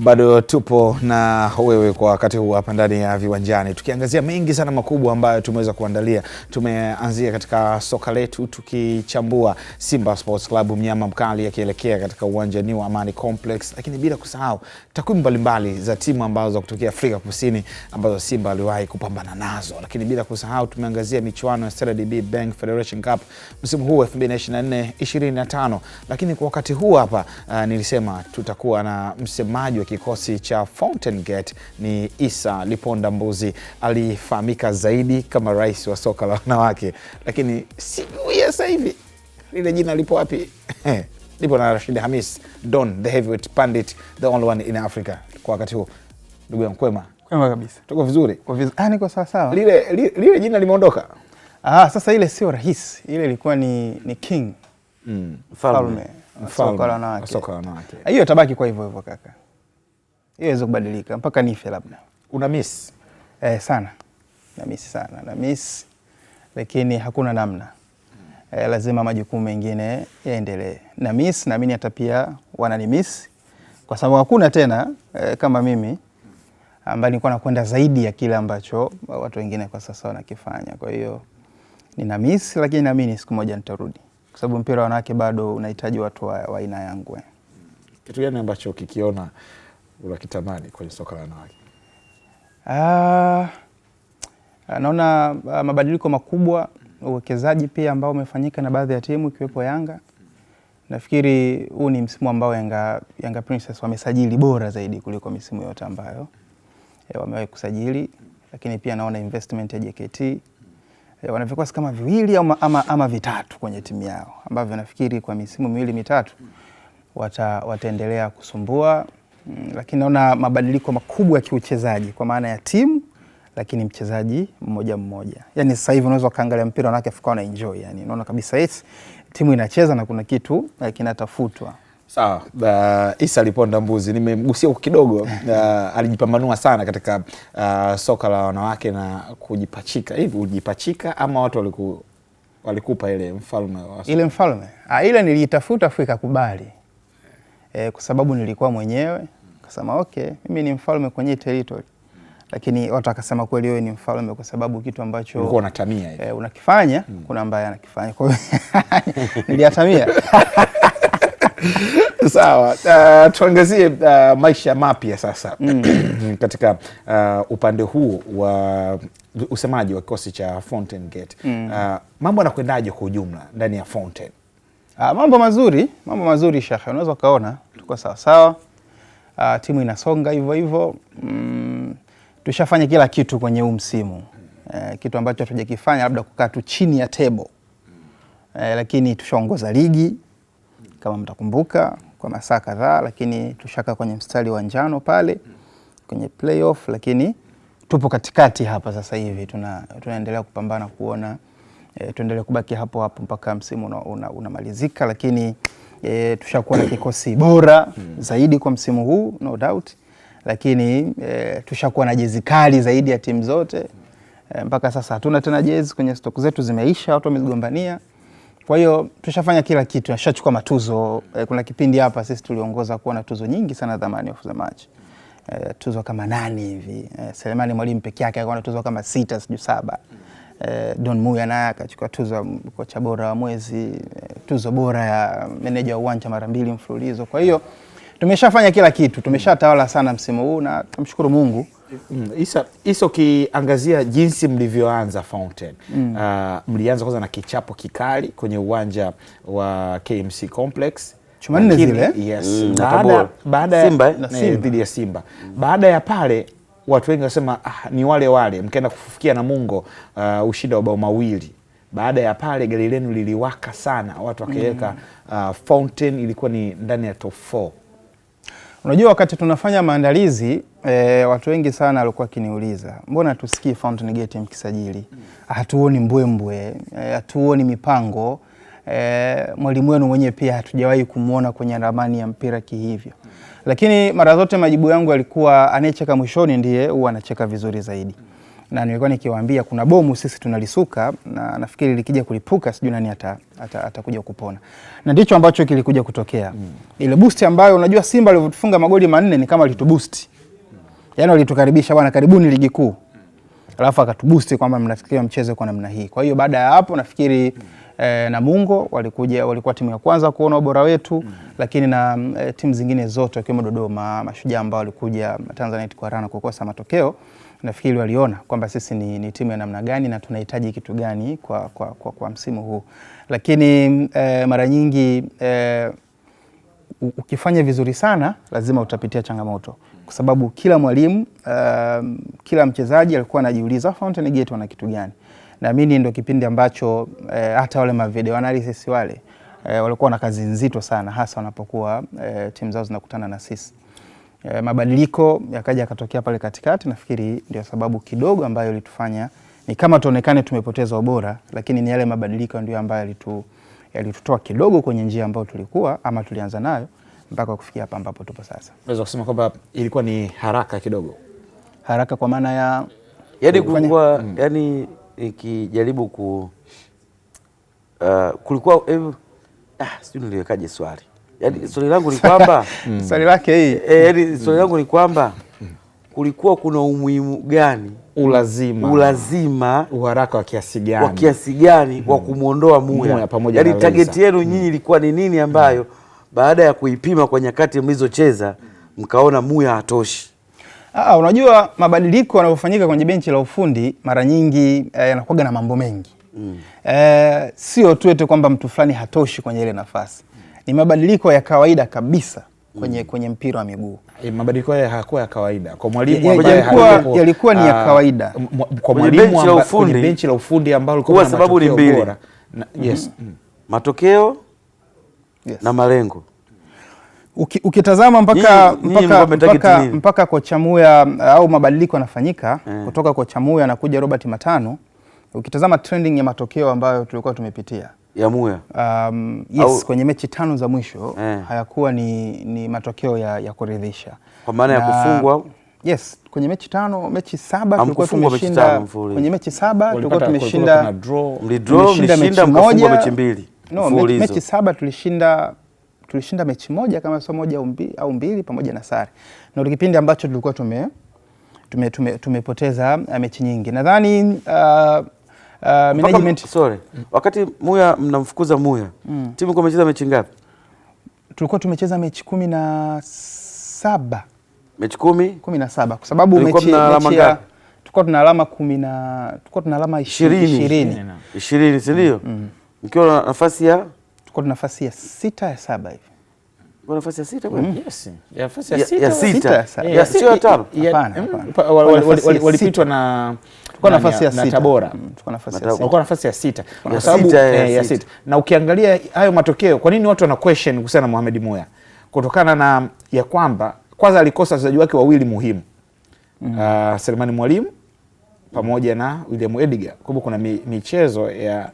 Bado tupo na wewe kwa wakati huu hapa ndani ya Viwanjani, tukiangazia mengi sana makubwa ambayo tumeweza kuandalia. Tumeanzia katika soka letu tukichambua Simba Sports Club, mnyama mkali akielekea katika uwanja wa Amani Complex, lakini bila kusahau takwimu mbalimbali za timu ambazo za kutokea Afrika Kusini ambazo Simba aliwahi kupambana nazo, lakini bila kusahau tumeangazia michuano ya Stanbic DB Federation Cup msimu huu 2024 25, lakini kwa wakati huu hapa uh, nilisema tutakuwa na msemaji ya kikosi cha Fountain Gate ni Isa Liponda Mbuzi. Alifahamika zaidi kama rais wa soka la wanawake, lakini sijui sasa hivi lile jina lipo wapi? lipo na Rashid Hamis Don the heavyweight pandit the only one in Africa kwa wakati huu. Ndugu yangu kwema? Kwema kabisa, tuko vizuri, Kwa vizuri. Ah, niko sawa sawa. Lile, lile, lile jina limeondoka. Ah, sasa ile sio rais, ile ilikuwa ni, ni king mm, mfalme mm. Soka la wanawake ah, hiyo tabaki kwa hivyo hivyo kaka iweze kubadilika mpaka nife labda. Una miss eh? Sana na miss sana na miss, lakini hakuna namna eh, lazima majukumu mengine yaendelee na miss, naamini hata pia wanani miss kwa sababu hakuna tena eh, kama mimi ambaye nilikuwa nakwenda zaidi ya kile ambacho watu wengine kwa sasa wanakifanya. Kwa hiyo nina miss, lakini naamini siku moja nitarudi, kwa sababu mpira wa wanawake bado unahitaji watu wa aina yangu. Eh. Kitu gani ambacho ukikiona unakitamani kwenye soka la wanawake? Uh, naona uh, mabadiliko makubwa, uwekezaji pia ambao umefanyika na baadhi ya timu ikiwepo Yanga. Nafikiri huu ni msimu ambao Yanga, Yanga Princess wamesajili bora zaidi kuliko misimu yote ambayo e, wamewahi kusajili, lakini pia naona investment ya JKT e, eh, wana vikosi kama viwili ama, ama, ama vitatu kwenye timu yao ambavyo nafikiri kwa misimu miwili mitatu wata, wataendelea kusumbua. Mm, lakini naona mabadiliko makubwa ya kiuchezaji kwa maana ya timu lakini mchezaji mmoja mmoja. Yaani sasa hivi unaweza ukaangalia mpira wanawake Afrika wana enjoy, yani unaona kabisa yes, timu inacheza na kuna kitu eh, kinatafutwa. Sawa. Uh, Isa aliponda mbuzi nimemgusia kidogo. Uh, alijipambanua sana katika uh, soka la wanawake na kujipachika. Hivi Ujipachika ama watu waliku, walikupa ile mfalme wa Ile mfalme. Ah, ile nilitafuta Afrika kubali e, kwa sababu nilikuwa mwenyewe kasema okay, mimi ni mfalme kwenye territory lakini watu akasema kweli wewe ni mfalme kwa sababu kitu ambacho ulikuwa unatamia hivi eh, unakifanya mm. Kuna ambaye anakifanya kwa hiyo niliatamia. Sawa. Uh, tuangazie uh, maisha mapya sasa mm. katika uh, upande huu wa usemaji wa kikosi cha Fountain Gate mm. uh, mambo yanakwendaje kwa ujumla ndani ya Fountain Ah, mambo mazuri, mambo mazuri shekhe, unaweza ukaona tuko sawa sawa. Ah, timu inasonga hivyo hivyo. Mm, tushafanya kila kitu kwenye huu msimu eh, kitu ambacho hatujakifanya labda kukaa tu chini ya tebo eh, lakini tushaongoza ligi kama mtakumbuka kwa masaa kadhaa, lakini tushaka kwenye mstari wa njano pale kwenye playoff, lakini tupo katikati hapa sasa hivi tuna, tunaendelea kupambana kuona e, tuendelee kubaki hapo hapo mpaka msimu unamalizika una, una lakini e, tushakuwa na kikosi bora hmm. zaidi kwa msimu huu no doubt, lakini e, tushakuwa na jezi kali zaidi ya timu zote e, mpaka sasa hatuna tena jezi kwenye stock zetu, zimeisha, watu wamezigombania. Kwa hiyo tushafanya kila kitu, tushachukua matuzo e, kuna kipindi hapa sisi tuliongoza kuwa na tuzo nyingi sana thamani of the match e, tuzo kama nane hivi e, Selemani Mwalimu peke yake alikuwa na tuzo kama sita sijui saba mm eh, Don Muya naye akachukua tuzo kocha bora wa mwezi, eh, tuzo bora ya meneja wa uwanja mara mbili mfululizo. Kwa hiyo tumeshafanya kila kitu, tumeshatawala sana msimu huu na tumshukuru Mungu. Mm, Isa, Isa ukiangazia jinsi mlivyoanza Fountain mm. Uh, mlianza kwanza na kichapo kikali kwenye uwanja wa KMC Complex chuma zile, yes. mm, baada, baada, eh? Simba dhidi ya Simba. baada ya pale watu wengi wasema ah, ni wale wale, mkaenda kufufukia na Mungu uh, ushida wa bao mawili. Baada ya pale gari lenu liliwaka sana, watu wakaweka mm. uh, fountain ilikuwa ni ndani ya top 4. Unajua, wakati tunafanya maandalizi e, watu wengi sana walikuwa akiniuliza mbona tusikii Fountain Gate mkisajili, mm. hatuoni mbwembwe, eh, hatuoni mipango e, mwalimu wenu mwenyewe pia hatujawahi kumwona kwenye ramani ya mpira kihivyo, lakini mara zote majibu yangu yalikuwa anayecheka mwishoni ndiye huwa anacheka vizuri zaidi na nilikuwa nikiwaambia kuna bomu sisi tunalisuka na nafikiri likija kulipuka sijui nani atakuja ata, ata kupona, na ndicho ambacho kilikuja kutokea mm. Ile boost ambayo unajua Simba alivyotufunga magoli manne ni kama alituboost, yani walitukaribisha bwana, karibuni ligi kuu, alafu akatuboost kwamba mnafikiria mchezo kwa namna hii. Kwa hiyo baada ya hapo nafikiri mm e, eh, Namungo walikuja, walikuwa timu ya kwanza kuona ubora wetu mm. Lakini na e, timu zingine zote wakiwemo Dodoma Mashujaa ambao walikuja Tanzanite kwa rana kukosa matokeo, nafikiri waliona kwamba sisi ni, ni timu ya namna gani na tunahitaji kitu gani kwa, kwa, kwa, kwa msimu huu. Lakini e, mara nyingi e, ukifanya vizuri sana lazima utapitia changamoto kwa sababu kila mwalimu uh, kila mchezaji alikuwa anajiuliza Fountain Gate wana kitu gani? Naamini ndio kipindi ambacho e, hata wale mavideo analysis wale e, walikuwa na kazi nzito sana, hasa wanapokuwa e, eh, timu zao zinakutana na sisi. e, mabadiliko yakaja yakatokea pale katikati. Nafikiri ndio sababu kidogo ambayo ilitufanya ni kama tuonekane tumepoteza ubora, lakini ni yale mabadiliko ndio ambayo yalitu, yalitutoa kidogo kwenye njia ambayo tulikuwa ama tulianza nayo mpaka kufikia hapa ambapo tupo sasa. Naweza kusema kwamba ilikuwa ni haraka kidogo, haraka kwa maana ya yani, kufanya... Mm. yani ikijaribu ku uh, kulikuwa eh, ah, sijui niliwekaje swali mm. swali langu ni kwamba hmm. swali lake hii eh, yani swali langu ni kwamba kulikuwa kuna umuhimu gani, ulazima, ulazima uharaka wa kiasi gani, wa kiasi gani mm. wa hmm. kumwondoa Muya pamoja yani tageti yenu mm. nyinyi hmm. ilikuwa ni nini ambayo mm. baada ya kuipima kwa nyakati mlizocheza mkaona Muya hatoshi? Aa, ah, unajua mabadiliko yanayofanyika kwenye benchi la ufundi mara nyingi yanakuwa eh, na mambo mengi mm. Eh, sio tu eti kwamba mtu fulani hatoshi kwenye ile nafasi mm. Ni mabadiliko ya kawaida kabisa kwenye, mm. kwenye mpira wa miguu e, mabadiliko haya hayakuwa ya kawaida kwa mwalimu ambaye yalikuwa yalikuwa ni ya ah, kawaida kwa mwalimu ufundi, benchi la ufundi ambalo kwa sababu ni mbili yes. Mm-hmm. mm. matokeo yes. na malengo uki, ukitazama mpaka, nini, mpaka, nini, mpaka, mpaka mpaka kocha Muya uh, au mabadiliko yanafanyika mm. kutoka kocha Muya na kuja Robert Matano, ukitazama trending ya matokeo ambayo tulikuwa tumepitia ya Muya um, yes, au... kwenye mechi tano za mwisho mm. hayakuwa ni, ni matokeo ya, ya kuridhisha kwa maana ya kufungwa Yes, kwenye mechi tano, mechi saba tulikuwa tumeshinda, kwenye mechi saba tulikuwa tumeshinda, mlidrow mlishinda mechi moja, mechi mbili no, mechi, mechi saba tulishinda tulishinda mechi moja kama sio moja au mbili pamoja na sare, na ndio kipindi ambacho tulikuwa tume tumepoteza tume, tume eh, mechi nyingi nadhani uh, Uh, management sorry. Wakati Muya mnamfukuza Muya mm. timu ilikuwa imecheza mechi ngapi? Tulikuwa tumecheza mechi kumi na saba mechi kumi kumi na saba kwa sababu mechi ya tulikuwa tuna alama kumi na tulikuwa tuna alama ishirini ishirini si ndio? Mm. Mkiwa na nafasi ya tuko na nafasi ya sita ya saba hivi. Kwa nafasi ya sita bwana? Mm-hmm. Yes. Ya nafasi ya sita. Ya sita. Ya sio ya tano. Hapana. Walipitwa na tuko mm, nafasi ya sita. Na Tabora. Tuko nafasi ya sita. Walikuwa eh, nafasi ya sita. Kwa sababu ya sita. Na ukiangalia hayo matokeo, kwa nini watu wana question kuhusiana na Mohamed Moya? Kutokana na ya kwamba kwanza alikosa wachezaji wake wawili muhimu. Mm. Uh, Selemani Mwalimu pamoja na William Edgar. Kwa hivyo kuna michezo ya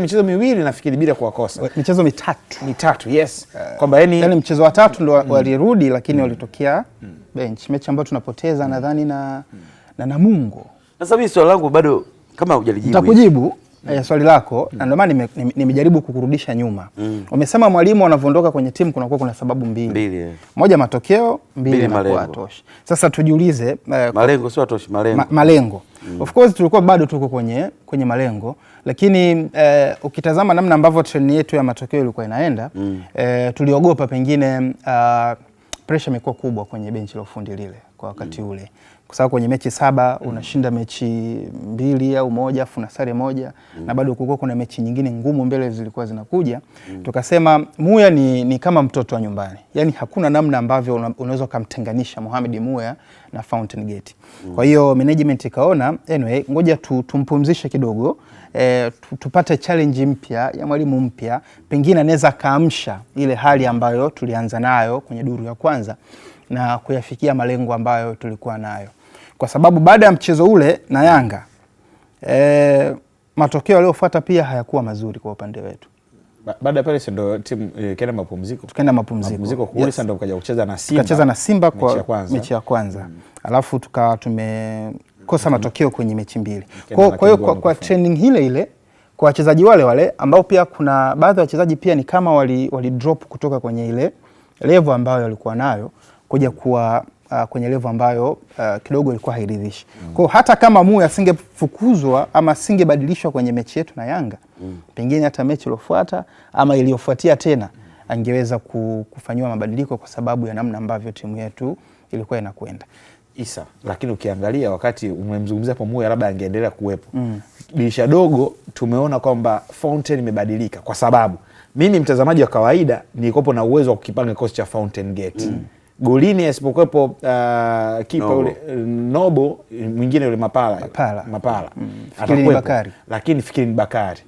michezo miwili nafikiri bila kuwakosa michezo mitatu mitatu, yes, eh, kwamba yani mchezo wa tatu ndo mm. walirudi, lakini mm. walitokea mm. bench, mechi ambayo tunapoteza nadhani na Namungo. Sasa mimi swali langu bado kama hujalijibu, nitakujibu ya eh, swali lako mm. na ndio maana nimejaribu kukurudisha nyuma mm. Umesema mwalimu anavyoondoka kwenye timu kunakuwa kuna sababu mbili, mbili. Eh. Moja matokeo, mbili malengo atoshi. Sasa tujiulize uh, malengo sio atoshi, malengo, ma, malengo. Mm. Of course tulikuwa bado tuko kwenye, kwenye malengo lakini uh, ukitazama namna ambavyo treni yetu ya matokeo ilikuwa inaenda mm. uh, tuliogopa pengine uh, pressure imekuwa kubwa kwenye benchi la ufundi lile kwa wakati mm. ule kwa sababu kwenye mechi saba mm. unashinda mechi mbili au moja afu na sare moja mm. na bado kulikuwa kuna mechi nyingine ngumu mbele zilikuwa zinakuja mm. tukasema Muya ni, ni kama mtoto wa nyumbani, yani hakuna namna ambavyo unaweza ukamtenganisha Mohamed Muya na Fountain Gate mm. kwa hiyo management ikaona anyway, ngoja tu, tumpumzishe kidogo E, tupate challenge mpya ya mwalimu mpya, pengine anaweza kaamsha ile hali ambayo tulianza nayo kwenye duru ya kwanza na kuyafikia malengo ambayo tulikuwa nayo. mm kwa sababu baada ya mchezo ule na Yanga e, matokeo yaliyofuata pia hayakuwa mazuri kwa upande wetu. baada ya pale ndo timu ikaenda e, mapumziko, tukaenda mapumziko, mapumziko kule yes. Ndo kaja kucheza na Simba, tukacheza na Simba kwa mechi ya kwanza mm. Alafu tuka tumekosa mm-hmm. matokeo kwenye mechi mbili kwa, kwa hiyo kwa, kwa training ile ile kwa wachezaji wale wale ambao pia kuna baadhi ya wachezaji pia ni kama wali, wali drop kutoka kwenye ile level ambayo walikuwa nayo kuja kuwa uh, kwenye levo ambayo uh, kidogo ilikuwa hairidhishi mm. Kwa hata kama Muya asingefukuzwa ama asingebadilishwa kwenye mechi yetu na Yanga mm. pengine hata mechi iliyofuata ama iliyofuatia tena angeweza kufanyiwa mabadiliko kwa sababu ya namna ambavyo timu yetu ilikuwa inakwenda Isa, lakini ukiangalia wakati umemzungumzia hapo Muya labda angeendelea kuwepo mm. dirisha dogo, tumeona kwamba Fountain imebadilika, kwa sababu mimi mtazamaji wa kawaida nilikopo na uwezo wa kukipanga kikosi cha Fountain Gate mm golini asipokuwepo uh, kipa Nobo. Ule Nobo mwingine ule Mapala Mapala, Mapala. Mm. Fikirini Bakari, lakini Fikirini Bakari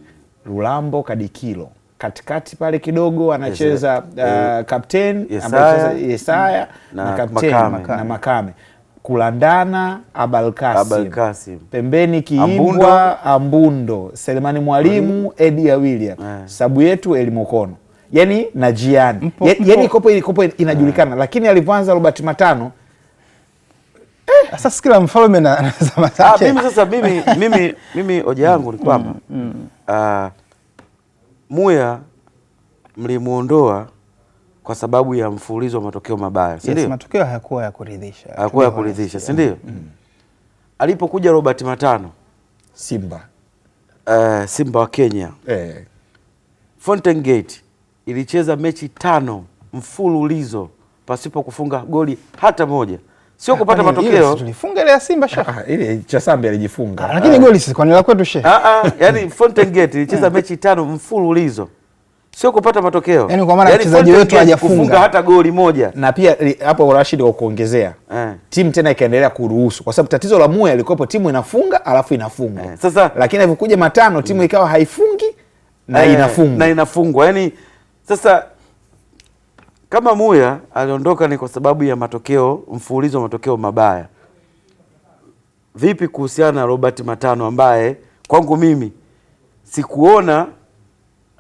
Lulambo Kadikilo katikati pale kidogo anacheza kapteni uh, eh, Yesaya na mm. Makame kulandana Abalkasim pembeni Kiimbwa Ambundo, Ambundo Selemani Mwalimu edia Edi yeah. Sabu yetu Elimokono yani na jiani yani kopo ilikopo inajulikana yeah. Lakini alivyoanza Robert Matano eh, sasa kila mfalme na zama zake. Ah, mimi sasa mimi mimi mimi hoja yangu ni kwamba mm, mm. mm. Ah, Muya mlimuondoa kwa sababu ya mfululizo wa matokeo mabaya, si ndio? Yes, matokeo hayakuwa ya kuridhisha, hayakuwa ya kuridhisha, si ndio? Mm, mm. Alipokuja Robert Matano Simba, uh, Simba wa Kenya eh. Fountain Gate ilicheza mechi tano mfululizo pasipo kufunga goli hata moja, sio ah, kupata ah, matokeo. Tulifunga ile ya Simba shaka ah, ah, ile cha Samba alijifunga, ah, lakini ah, goli si kwa nila kwetu shehe. Ah ah, yani Fountain Gate ilicheza hmm. mechi tano mfululizo sio kupata matokeo, yani kwa maana wachezaji wetu hajafunga hata goli moja. Na pia hapo Rashid, kwa kuongezea eh, timu tena ikaendelea kuruhusu, kwa sababu tatizo la Muya lilikuwepo, timu inafunga alafu inafungwa eh. Sasa lakini alivyokuja matano timu hmm. ikawa haifungi na eh, inafungwa na inafungwa yani sasa kama Muya aliondoka ni kwa sababu ya matokeo mfululizo wa matokeo mabaya, vipi kuhusiana na Robert Matano ambaye kwangu mimi sikuona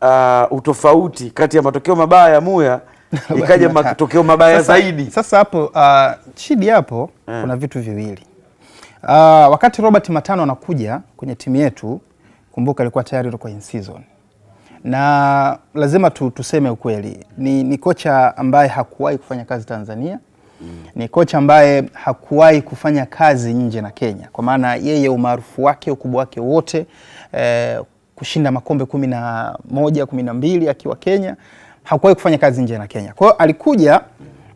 uh, utofauti kati ya matokeo mabaya ya Muya ikaja matokeo mabaya sasa, zaidi. Sasa hapo uh, ah, Chidi hapo yeah. Kuna vitu viwili uh, wakati Robert Matano anakuja kwenye timu yetu, kumbuka alikuwa tayari kwa in season na lazima tu, tuseme ukweli ni, ni kocha ambaye hakuwahi kufanya kazi Tanzania mm. Ni kocha ambaye hakuwahi kufanya kazi nje na Kenya, kwa maana yeye umaarufu wake ukubwa wake wote eh, kushinda makombe kumi na moja kumi na mbili akiwa Kenya, hakuwahi kufanya kazi nje na Kenya. Kwa hiyo alikuja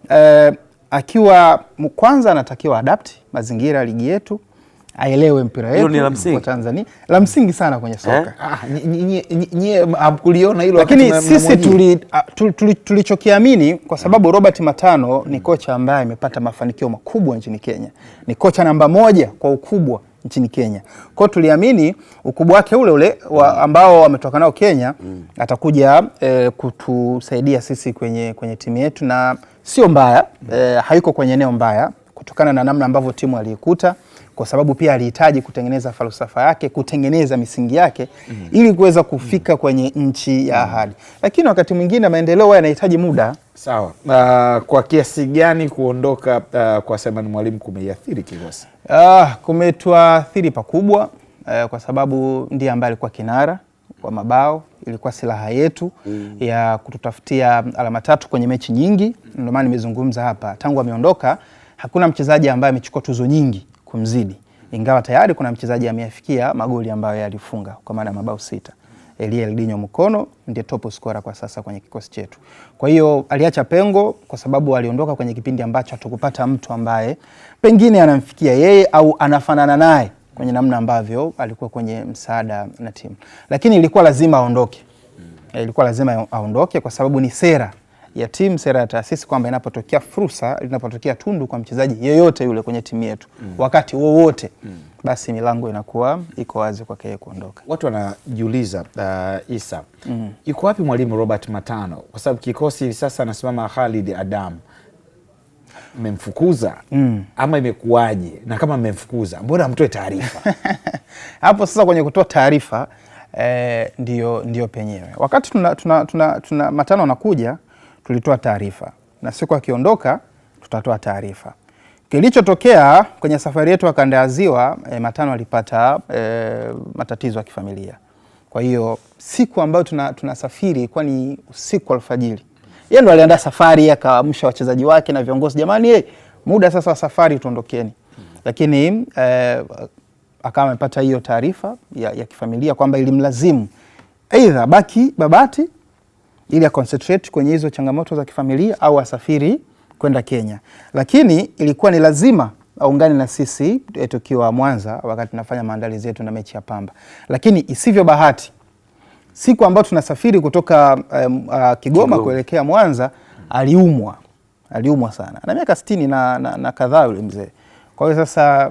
eh, akiwa kwanza anatakiwa adapti mazingira ya ligi yetu aelewe mpira wetu kwa Tanzania, la msingi sana kwenye eh? soka. Ah, Nyie hamkuliona hilo, lakini sisi ah, tulichokiamini kwa sababu mm. Robert Matano ni mm. kocha ambaye amepata mafanikio makubwa nchini Kenya, ni kocha namba moja kwa ukubwa nchini Kenya. Kwa hiyo tuliamini ukubwa wake ule ule wa mm. ambao ametoka nao Kenya mm. atakuja e, kutusaidia sisi kwenye, kwenye timu yetu na sio mbaya mm. e, eh, haiko kwenye eneo mbaya kutokana na namna ambavyo timu aliikuta kwa sababu pia alihitaji kutengeneza falsafa yake, kutengeneza misingi yake mm. ili kuweza kufika mm. kwenye nchi ya ahadi, lakini wakati mwingine maendeleo yanahitaji muda. Sawa. Uh, kwa kiasi gani kuondoka uh, kwa Selemani Mwalimu kumeiathiri Kigosi? Uh, ah, kumetuathiri pakubwa uh, kwa sababu ndiye ambaye alikuwa kinara wa mabao, ilikuwa silaha yetu mm. ya kututafutia alama tatu kwenye mechi nyingi. Ndio maana nimezungumza hapa, tangu ameondoka hakuna mchezaji ambaye amechukua tuzo nyingi kumzidi, ingawa tayari kuna mchezaji ameafikia magoli ambayo yalifunga kwa maana mabao sita. Eliel Dinyo Mukono ndiye top scorer kwa sasa kwenye kikosi chetu. Kwa hiyo aliacha pengo kwa sababu aliondoka kwenye kipindi ambacho hatukupata mtu ambaye pengine anamfikia yeye au anafanana naye kwenye namna ambavyo alikuwa kwenye msaada na timu, lakini ilikuwa lazima aondoke, ilikuwa lazima aondoke kwa sababu ni sera ya timu, sera ya taasisi kwamba inapotokea fursa, inapotokea tundu kwa mchezaji yeyote yule kwenye timu yetu mm. wakati wowote mm. basi milango inakuwa iko wazi kwake kuondoka. Watu wanajiuliza uh, Isa mm. wapi mwalimu Robert Matano, kwa sababu kikosi hivi sasa anasimama Khalid Adam mmemfukuza mm. ama imekuwaje? Na kama mmemfukuza, mbona amtoe taarifa hapo? Sasa kwenye kutoa taarifa eh, ndio, ndio penyewe wakati tuna, tuna, tuna, tuna Matano anakuja tulitoa taarifa, na siku akiondoka tutatoa taarifa. Kilichotokea kwenye safari yetu ya kanda ya Ziwa e, Matano alipata e, matatizo ya kifamilia. Kwa hiyo siku ambayo tunasafiri tuna kwani ni usiku alfajiri, yeye ndo aliandaa safari, akaamsha wachezaji wake na viongozi, jamani, hey, muda sasa wa safari tuondokeni. hmm. Lakini e, akawa amepata hiyo taarifa ya, ya kifamilia kwamba ilimlazimu aidha baki Babati ili ya concentrate kwenye hizo changamoto za kifamilia au asafiri kwenda Kenya, lakini ilikuwa ni lazima aungane na sisi eh, tukiwa Mwanza wakati tunafanya maandalizi yetu na mechi ya Pamba, lakini isivyo bahati siku ambayo tunasafiri kutoka um, uh, Kigoma Kigo. kuelekea Mwanza aliumwa, aliumwa sana, ana miaka sitini na, na, na kadhaa yule mzee. Kwa hiyo sasa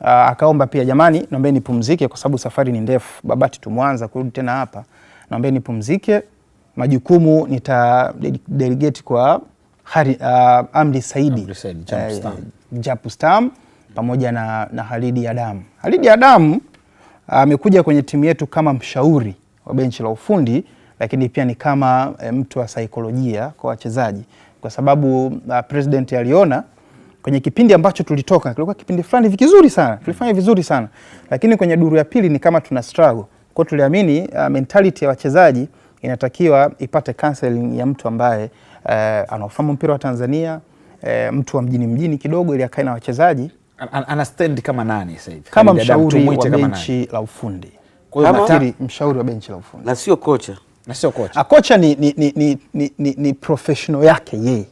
uh, akaomba pia, jamani, naombeni nipumzike kwa sababu safari ni ndefu, Babati tu Mwanza kurudi tena hapa, naombeni nipumzike majukumu nita delegate kwa hari, uh, Amri Saidi Japustam eh, uh, pamoja na, na Halidi adam Halidi Adam uh, amekuja uh, kwenye timu yetu kama mshauri wa benchi la ufundi, lakini pia ni kama uh, mtu wa saikolojia kwa wachezaji, kwa sababu uh, president aliona kwenye kipindi ambacho tulitoka kilikuwa kipindi fulani vizuri sana, tulifanya vizuri sana, lakini kwenye duru ya pili ni kama tuna struggle. Kwa tuliamini uh, mentality ya wachezaji inatakiwa ipate counseling ya mtu ambaye uh, anaofahamu mpira wa Tanzania uh, mtu wa mjini mjini kidogo, ili akae na wachezaji an, kama nani sasa hivi kama mshauri wa benchi la ufundi, mshauri wa benchi la ufundi na sio kocha na sio kocha. A ah, kocha ni, ni, ni, ni, ni, ni, ni professional yake yeye.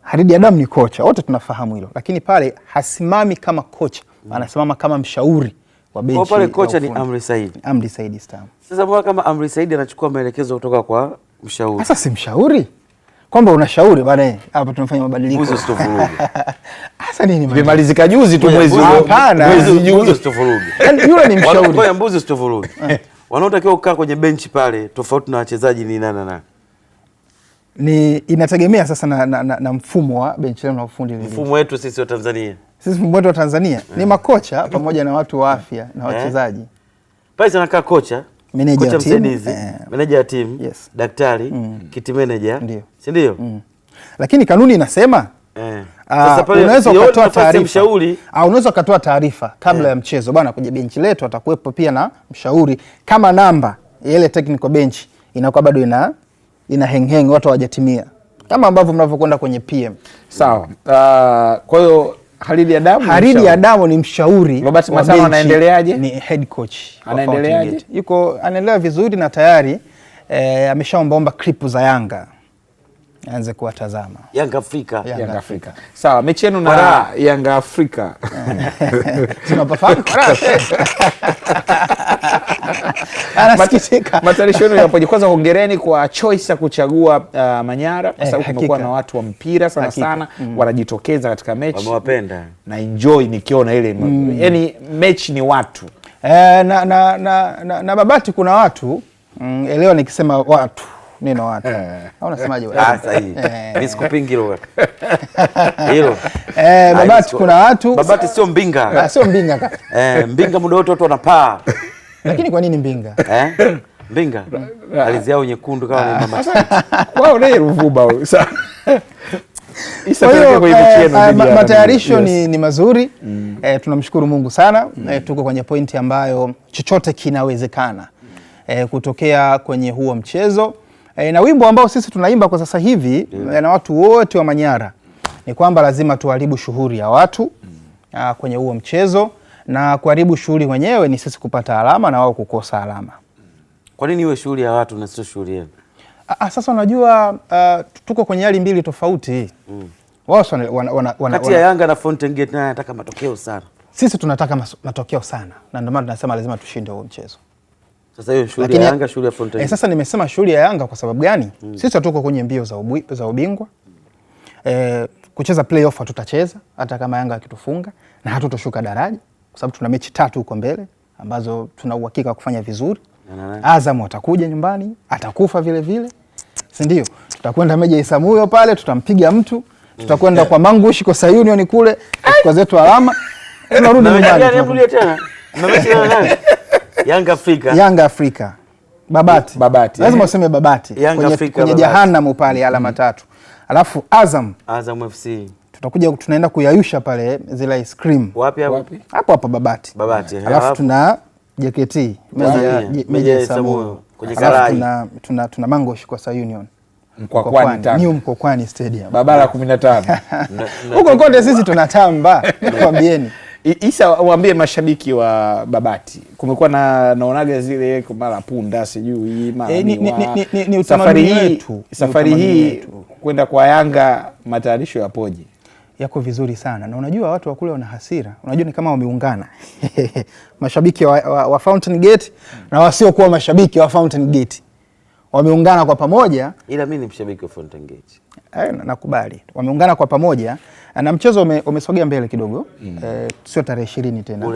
Haridi Adam ni kocha, wote tunafahamu hilo, lakini pale hasimami kama kocha, anasimama kama mshauri wa benchi. Kwa pale kocha ni Amri Saidi. Amri Saidi Stam. Sasa mbona kama Amri Saidi anachukua maelekezo kutoka kwa mshauri? Sasa si mshauri kwamba unashauri bwana, eh, hapa tunafanya mabadiliko. Mbuzi usitovuruge. Sasa nini Vimalizika juzi tu mwezi huu. Hapana. Mbuzi usitovuruge. Yaani yule ni mshauri. Kwa mbuzi usitovuruge. Eh. Wanaotakiwa kukaa kwenye benchi pale tofauti na wachezaji ni nani na Ni inategemea sasa na, na, na, na mfumo wa benchi leo na ufundi. Mfumo wetu sisi wa Tanzania sisi mbwendo wa Tanzania yeah. ni eh. makocha pamoja na watu wa afya na eh. wachezaji pale anakaa kocha meneja wa timu eh, meneja wa timu yes. daktari mm. kiti meneja si ndio? mm. Lakini kanuni inasema eh. Ah, unaweza ukatoa taarifa ah, unaweza ukatoa taarifa kabla eh. ya mchezo bana, kwenye benchi letu atakuwepo pia na mshauri kama namba ile technical bench inakuwa bado ina ina heng heng, watu hawajatimia kama ambavyo mnavyokwenda kwenye PM sawa. Uh, kwa hiyo Haridi Adamu, Haridi Adamu ni mshauri Robert Masano. Anaendeleaje? Ni head coach, anaendeleaje? Yuko anaendelea vizuri na tayari eh, ameshaombaomba klipu za Yanga anze kuwatazama Yanga Afrika, Yanga Afrika. Sawa, mechi yenu na Yanga Afrika tunapafahamu Anasikitika. Matayarisho yenu yapoje? Kwanza hongereni kwa choice ya kuchagua uh, Manyara kwa eh, sababu eh, kumekuwa na watu wa mpira sana hakika, sana mm, wanajitokeza katika mechi. Wamewapenda. Na enjoy nikiona ile mm, yani mechi ni watu eh, na, na, na, na, na Babati kuna watu mm, elewa nikisema watu neno watu eh. au unasemaje? wewe? Ah, sahihi. Eh. Sikupingi hilo hilo. Babati kuna watu. Babati sio mbinga, Ah, sio mbinga Eh, Mbinga muda wote watu wanapaa Eh. Lakini kwa nini Mbinga? Eh? Mbinga. Ardhi yao nyekundu kama ni mama. Kwao ni Ruvuba Kwa eh, eh, matayarisho ni, ni mazuri mm. tunamshukuru Mungu sana mm. tuko kwenye pointi ambayo chochote kinawezekana e, kutokea kwenye huo mchezo na wimbo ambao sisi tunaimba kwa sasa hivi na watu wote wa Manyara ni kwamba lazima tuharibu shughuli ya watu mm. Ah, kwenye huo mchezo na kuharibu shughuli wenyewe ni sisi kupata alama na wao kukosa alama. Kwa nini iwe shughuli ya watu na sio shughuli yenu? Ah, ah sasa unajua uh, tuko kwenye hali mbili tofauti mm. wao wana, wana, wana, wana, kati ya Yanga na Fountain Gate naye anataka matokeo sana, sisi tunataka matokeo sana, na ndio maana tunasema lazima tushinde huo mchezo. Sasa hiyo shughuli ya Yanga, shughuli ya Fountain Eh, sasa nimesema shughuli ya Yanga kwa sababu gani? mm. sisi hatuko kwenye mbio za, ubi, za ubingwa eh, kucheza playoff hatutacheza hata kama Yanga akitufunga na hatutoshuka daraja kwa sababu tuna mechi tatu huko mbele ambazo tuna uhakika wa kufanya vizuri. Azam atakuja nyumbani, atakufa vile vile, si ndio? Tutakwenda Meja Isamuyo pale, tutampiga mtu, tutakwenda kwa Mangushi kwa Sayunion kule, kwa zetu alama, tunarudi nyumbani Yanga Afrika, Yanga Afrika, Babati, Babati, eh? lazima useme Babati kwenye jehanamu pale, alama mm. tatu, alafu Azam, Azam FC tutakuja tunaenda kuyayusha pale zile ice cream. Wapi hapo? Hapo hapa Babati. Babati. Eh, Alafu tuna JKT Meja ya Isamuyo kwenye garage. Tuna tuna, tuna mango Shikwasa Union. Mkwakwani Tanga. New Mkwakwani Stadium. Barabara 15. Huko kote sisi tunatamba. Nikwambieni. Isa, waambie mashabiki wa Babati, kumekuwa na naonaga zile mara punda sijui mara e, ni, ni, ni, ni, ni safari hii kwenda kwa Yanga, matayarisho yapoje? yako vizuri sana, na unajua watu wa kule wana hasira, unajua ni kama wameungana mashabiki wa, wa, wa Fountain Gate na wasiokuwa mashabiki wa Fountain Gate wameungana kwa pamoja, ila mimi ni mshabiki wa Fountain Gate. Eh, Ay, nakubali wameungana kwa pamoja na mchezo ume, umesogea mbele kidogo mm. E, sio tarehe ishirini tena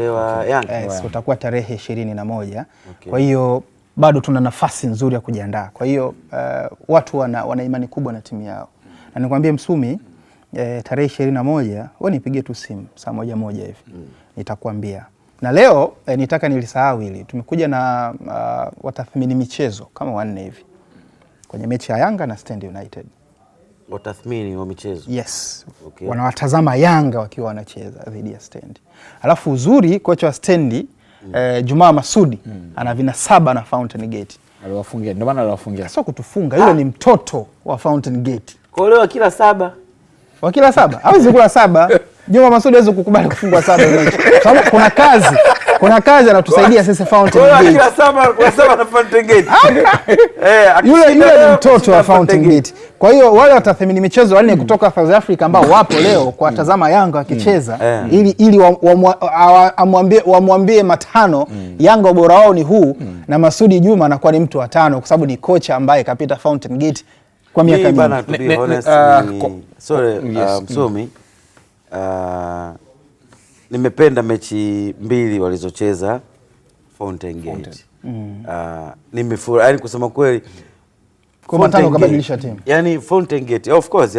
eh, utakuwa tarehe ishirini na moja okay. Kwa hiyo bado tuna nafasi nzuri ya kujiandaa, kwa hiyo uh, watu wana, wana imani kubwa na timu yao, na nikwambie Msumi eh, tarehe ishirini na moja we nipigie tu simu saa moja moja hivi mm. nitakwambia. Na leo eh, nitaka nilisahau hili, tumekuja na uh, watathmini michezo kama wanne hivi kwenye mechi ya Yanga na Stand United watathmini wa michezo yes. Okay. Wanawatazama Yanga wakiwa wanacheza dhidi ya Stendi, alafu uzuri kocha wa Stendi mm. eh, Jumaa Masudi mm. ana saba na Fountain Gate, aliwafungia ndio maana aliwafungia, sio kutufunga, yule ni mtoto wa Fountain Gate, kwa leo kila saba wakila saba hawezi kula saba. Juma Masudi hawezi kukubali kufungwa saba mechi, sababu kuna kazi, kuna kazi anatusaidia sisi Fountain Gate. Kila saba kwa saba na Fountain Gate eh, yule yule ni mtoto wa Fountain Gate. Kwa hiyo wale watathmini michezo wanne mm. kutoka South Africa ambao wapo leo kwa tazama Yanga wakicheza mm. Eh. ili, ili wamwambie wa, wa, wa matano mm. Yanga ubora wao ni huu mm. na Masudi Juma anakuwa ni mtu wa tano kwa sababu ni kocha ambaye kapita Fountain Gate kwa miaka bana, ah, ah, msomi mm. ah, nimependa mechi mbili walizocheza Fountain Gate. Mm. nimefurahi yani kusema kweli Yani Fountain Gate of course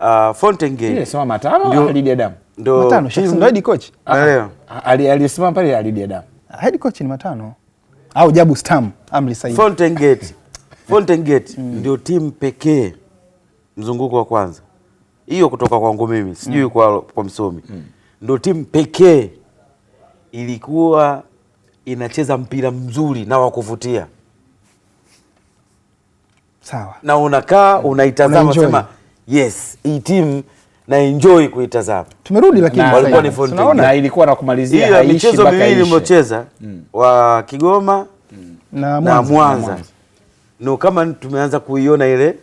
Uh, Fountain Gate. matano ndio Adam. Ndio. Matano coach. Naelewa. Ali pale Adam. Head coach ni matano. Au Jabu Stam Amri Said. Fountain Gate Fountain Gate mm. ndio timu pekee mzunguko wa kwanza, hiyo kutoka kwangu mimi sijui mm. kwa, kwa msomi mm. ndio timu pekee ilikuwa inacheza mpira mzuri na wa kuvutia sawa, na unakaa mm. unaitazama sema yes, hii timu na enjoy kuitazama. Tumerudi lakini walikuwa ni Fountain na ilikuwa na kumalizia haishi michezo miwili mocheza mm. wa Kigoma mm. na Mwanza, na Mwanza no, kama tumeanza kuiona ile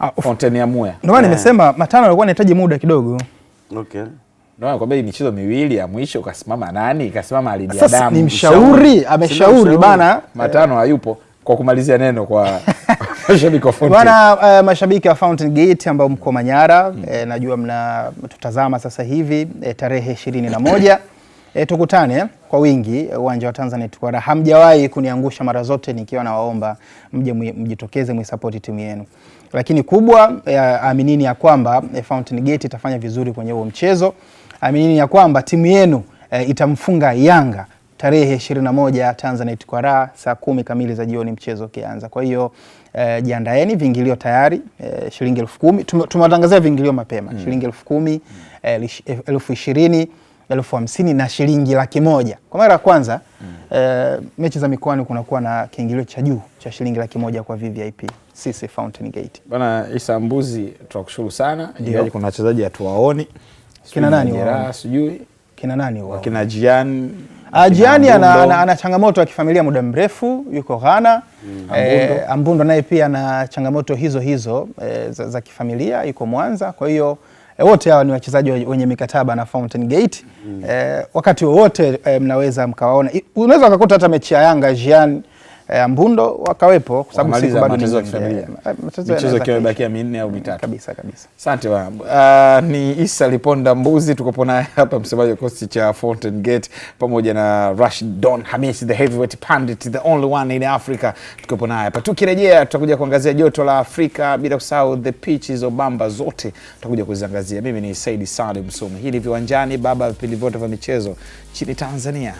ah, Fontaine ya Mwea. Ndio maana nimesema matano alikuwa anahitaji muda kidogo. Okay. Ndio maana hii michezo miwili ya mwisho kasimama nani? Kasimama Alidiadamu. Sasa ni mshauri, ameshauri bana. Matano eh. hayupo kwa kumalizia neno kwa mashabiki wa Fountain. Bwana uh, mashabiki wa Fountain Gate ambao mko Manyara, hmm. eh, najua mnatutazama sasa hivi eh, tarehe ishirini na moja E, tukutane kwa wingi eh, uwanja wa Tanzania Tukwara. Hamjawahi kuniangusha mara zote nikiwa nawaomba mje mjitokeze mwisapoti timu yenu, lakini kubwa ya eh, aminini ya kwamba e, Fountain Gate itafanya vizuri kwenye huo mchezo. Aminini ya kwamba timu yenu e, itamfunga Yanga tarehe 21 Tanzania Tukwara saa kumi kamili za jioni mchezo ukianza. Kwa hiyo e, jiandaeni, viingilio tayari e, shilingi elfu kumi tumewatangazia viingilio mapema mm. shilingi elfu kumi mm. elfu ishirini elfu hamsini na shilingi laki moja kwa mara ya kwanza mm. uh, mechi za mikoani kunakuwa na kiingilio cha juu cha shilingi laki moja kwa VVIP sisi Fountain Gate. Bana Isa Mbuzi, tunakushukuru sana. Ingawa kuna wachezaji hatuwaoni, kina nani sijui kina nani wao kina Jian Ajiani ah, ana, ana, ana changamoto ya kifamilia muda mrefu, yuko Ghana mm. E, Ambundo naye pia ana changamoto hizo hizo e, za, za kifamilia, yuko Mwanza, kwa hiyo Eh, wote hawa ni wachezaji wenye mikataba na Fountain Gate mm. E, wakati wowote e, mnaweza mkawaona, unaweza ukakuta hata mechi ya Yanga Jian eh, Mbundo wakawepo kwa sababu sisi bado ni eh, minne au mitatu. Kabisa kabisa. Asante Uh, ni Isa Liponda Mbuzi tukopo naye hapa msemaji wa kikosi cha Fountain Gate pamoja na Rashid Don Hamis the heavyweight pundit the only one in Africa tukopo naye hapa. Tukirejea tutakuja kuangazia joto la Afrika bila kusahau the pitches bamba zote tutakuja kuziangazia. Mimi ni Saidi Salim Msume. Hii ni Viwanjani, baba vipindi vyote vya michezo chini Tanzania.